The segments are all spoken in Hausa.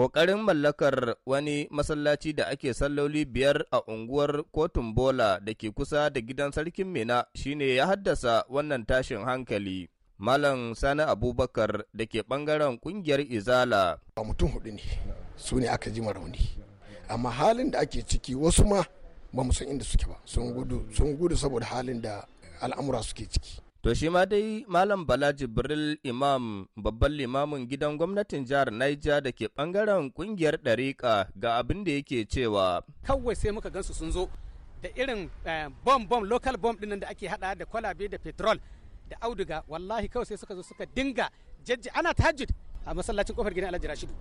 Ƙoƙarin mallakar wani masallaci da ake salloli biyar a unguwar Kotun Bola da ke kusa da gidan sarkin Mina shine ya haddasa wannan tashin hankali. Malam Sani Abubakar da ke ɓangaren ƙungiyar Izala. Ba mutum hudu ne, su ne aka ji rauni. Amma halin da ake ciki wasu ma ba mu san inda suke ba, sun gudu saboda halin da al'amura suke ciki. To shi ma dai Malam Bala Jibril Imam babban limamin gidan gwamnatin jihar Niger da ke bangaren kungiyar ɗariƙa ga abin da yake cewa. Kawai sai muka gansu sun zo da irin bom eh, bom local bom ɗin da ake hada da kwalabe da petrol da auduga wallahi kawai sai suka zo suka dinga jajji ana tahajjud a masallacin kofar gidan Alhaji Rashidu.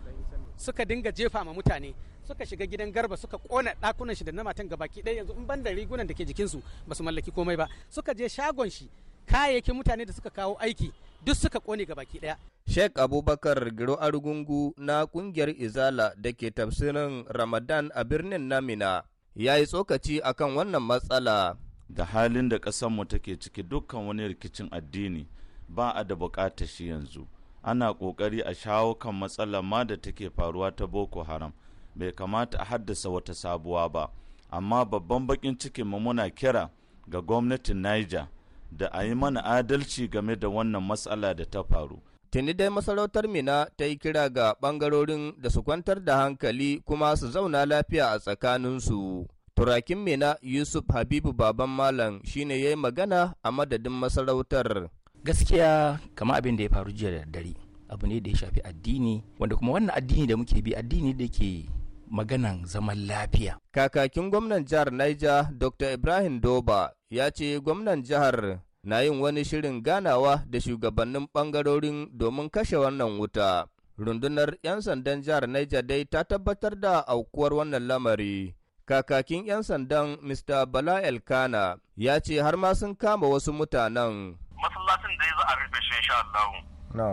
Suka dinga jefa ma mutane suka shiga gidan garba suka kona ɗakunan shi da na matan gabaki ɗaya yanzu in ban da rigunan da ke jikinsu ba su mallaki komai ba suka je shagon shi kayayyakin mutane da suka kawo aiki duk suka kone ga baki daya Sheikh Abubakar Giro Argungu na kungiyar Izala da ke tafsirin Ramadan a birnin Namina ya yi tsokaci akan wannan matsala. Da halin da ƙasarmu take ciki dukkan wani rikicin addini ba a da buƙatar shi yanzu. Ana ƙoƙari a shawo kan matsalar ma da take faruwa ta Boko Haram. Bai kamata a haddasa wata sabuwa ba, amma babban baƙin cikinmu muna kira ga gwamnatin Niger da a yi mana adalci game da wannan matsala da ta faru. Tuni dai masarautar Mina ta yi kira ga ɓangarorin da su kwantar da hankali kuma su zauna lafiya a tsakaninsu. Turakin Mina Yusuf Habibu Baban Malam shine ya yi magana a madadin masarautar. Gaskiya kama abin da ya faru jiya da dare abu ne da ya shafi addini wanda kuma wannan addini da muke bi addini da ke maganan zaman lafiya. Kakakin gwamnan jihar Niger Dr. Ibrahim Doba ya ce gwamnan jihar na yin wani shirin ganawa da shugabannin ɓangarorin domin kashe wannan wuta. Rundunar 'yan sandan jihar Niger dai ta tabbatar da aukuwar wannan lamari. Kakakin 'yan sandan Mr. Bala Elkana ya ce har ma sun kama wasu mutanen. Masallacin da za a rufe shi insha Allah.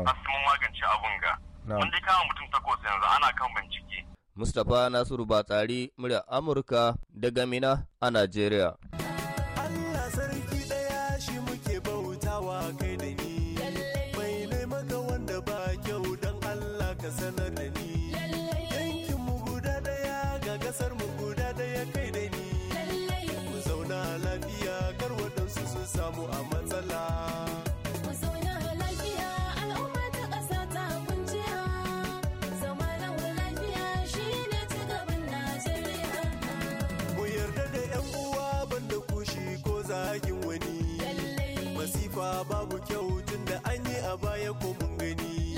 Mun magance abun ga. mun dai kama mutum takwas yanzu ana kan bincike mustapha nasiru batsari murya amurka daga mina a najeriya A babu kyau tun da an yi a baya ko mun gani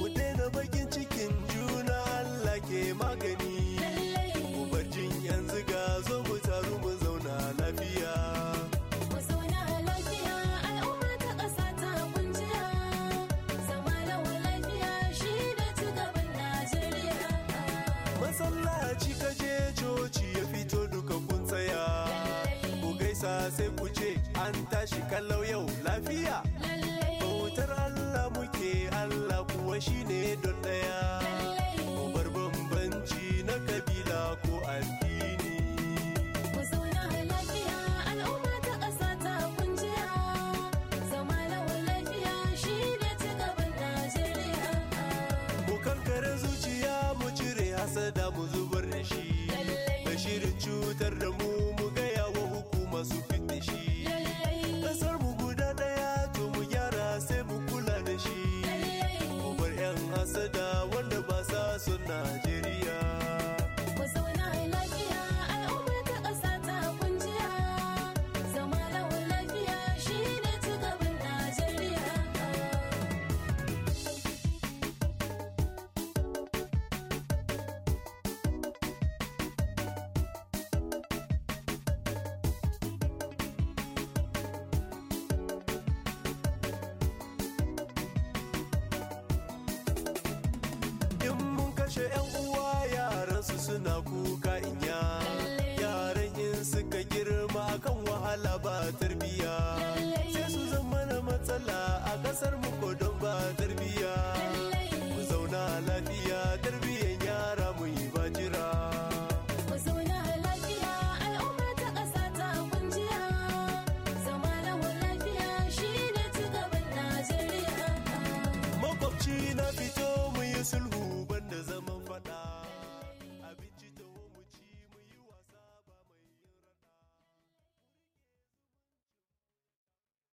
ku daina bakin cikin juna Allah ke magani ku bar jin yanzu ga zo mu taru mu zauna lafiya kaje coci ya fito duka kun ku gaisa sai ku je an tashi kallau yau lafiya bautar Allah muke Allah kuwa shine don daya bar bambanci na kabila ko addini